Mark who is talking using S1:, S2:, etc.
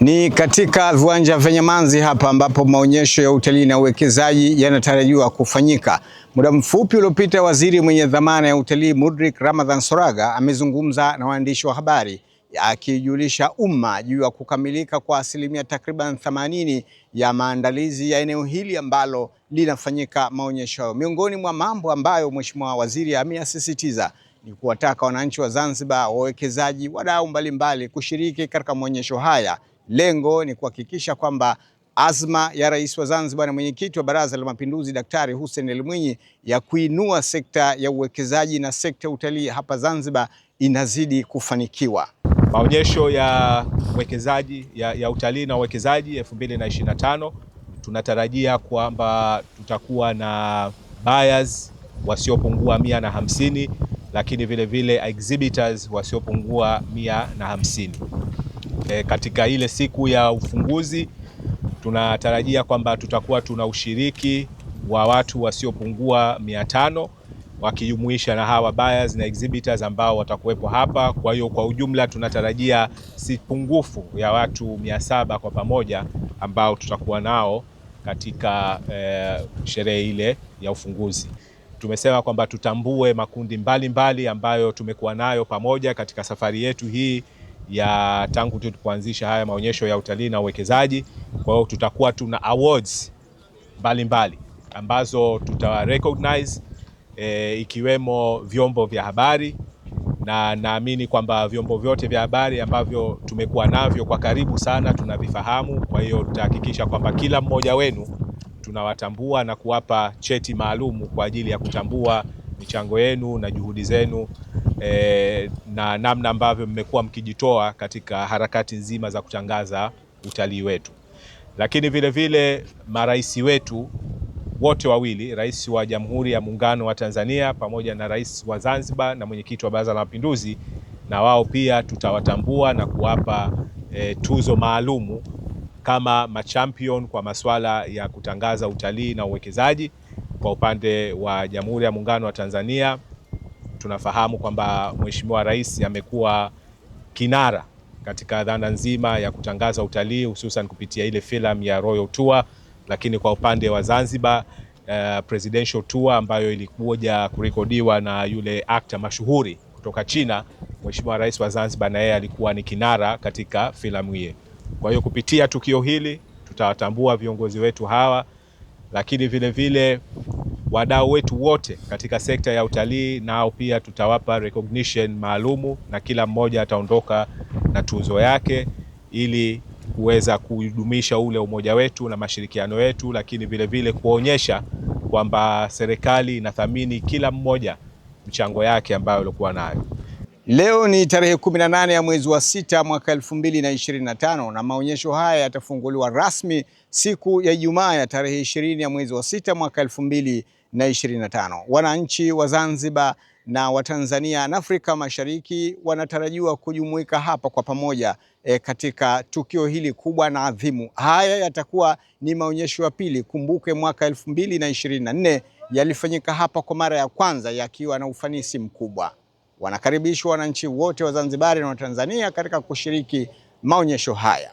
S1: Ni katika viwanja vya Manzi hapa ambapo maonyesho ya utalii na uwekezaji yanatarajiwa kufanyika. Muda mfupi uliopita, waziri mwenye dhamana ya utalii Mudrik Ramadhan Soraga amezungumza na waandishi wa habari akijulisha umma juu ya kukamilika kwa asilimia takriban thamanini ya maandalizi ya eneo hili ambalo linafanyika maonyesho hayo. Miongoni mwa mambo ambayo Mheshimiwa Waziri ameyasisitiza ni kuwataka wananchi wa Zanzibar, wawekezaji, wadau mbalimbali kushiriki katika maonyesho haya Lengo ni kuhakikisha kwamba azma ya Rais wa Zanzibar na mwenyekiti wa Baraza la Mapinduzi Daktari Hussein El Mwinyi ya kuinua sekta ya uwekezaji na sekta ya utalii hapa Zanzibar inazidi kufanikiwa.
S2: Maonyesho ya uwekezaji ya, ya utalii na uwekezaji 2025 tunatarajia kwamba tutakuwa na buyers wasiopungua mia na hamsini, lakini vile vile exhibitors wasiopungua mia na hamsini. E, katika ile siku ya ufunguzi tunatarajia kwamba tutakuwa tuna ushiriki wa watu wasiopungua mia tano wakijumuisha na hawa buyers na exhibitors ambao watakuwepo hapa. Kwa hiyo kwa ujumla tunatarajia si pungufu ya watu mia saba kwa pamoja ambao tutakuwa nao katika e, sherehe ile ya ufunguzi. Tumesema kwamba tutambue makundi mbalimbali mbali ambayo tumekuwa nayo pamoja katika safari yetu hii ya tangu tu haya maonyesho ya utalii na uwekezaji. Kwa hiyo tutakuwa tuna awards mbalimbali ambazo tuta recognize e, ikiwemo vyombo vya habari na naamini kwamba vyombo vyote vya habari ambavyo tumekuwa navyo kwa karibu sana tunavifahamu. Kwa hiyo tutahakikisha kwamba kila mmoja wenu tunawatambua na kuwapa cheti maalumu kwa ajili ya kutambua michango yenu na juhudi zenu e, na namna ambavyo mmekuwa mkijitoa katika harakati nzima za kutangaza utalii wetu, lakini vile vile marais wetu wote wawili, rais wa Jamhuri ya Muungano wa Tanzania pamoja na rais wa Zanzibar na mwenyekiti wa Baraza la Mapinduzi, na wao pia tutawatambua na kuwapa e, tuzo maalumu kama machampion kwa masuala ya kutangaza utalii na uwekezaji. Kwa upande wa Jamhuri ya Muungano wa Tanzania tunafahamu kwamba Mheshimiwa Rais amekuwa kinara katika dhana nzima ya kutangaza utalii hususan kupitia ile filamu ya Royal Tour, lakini kwa upande wa Zanzibar uh, presidential tour ambayo ilikuja kurekodiwa na yule akta mashuhuri kutoka China. Mheshimiwa Rais wa Zanzibar na yeye alikuwa ni kinara katika filamu hiyo. Kwa hiyo kupitia tukio hili tutawatambua viongozi wetu hawa, lakini vile vile wadau wetu wote katika sekta ya utalii, nao pia tutawapa recognition maalumu na kila mmoja ataondoka na tuzo yake ili kuweza kudumisha ule umoja wetu na mashirikiano yetu, lakini vile vile kuonyesha kwamba serikali inathamini kila mmoja mchango yake ambayo alikuwa nayo.
S1: Leo ni tarehe 18 ya mwezi wa sita mwaka 2025 na na maonyesho haya yatafunguliwa rasmi siku ya Ijumaa ya tarehe 20 ya mwezi wa sita mwaka 2025. Wananchi wa Zanzibar na Watanzania na Afrika Mashariki wanatarajiwa kujumuika hapa kwa pamoja e, katika tukio hili kubwa na adhimu. Haya yatakuwa ni maonyesho ya pili. Kumbuke mwaka 2024 yalifanyika hapa kwa mara ya kwanza yakiwa na ufanisi mkubwa. Wanakaribishwa wananchi wote wa Zanzibari na Watanzania katika kushiriki maonyesho haya.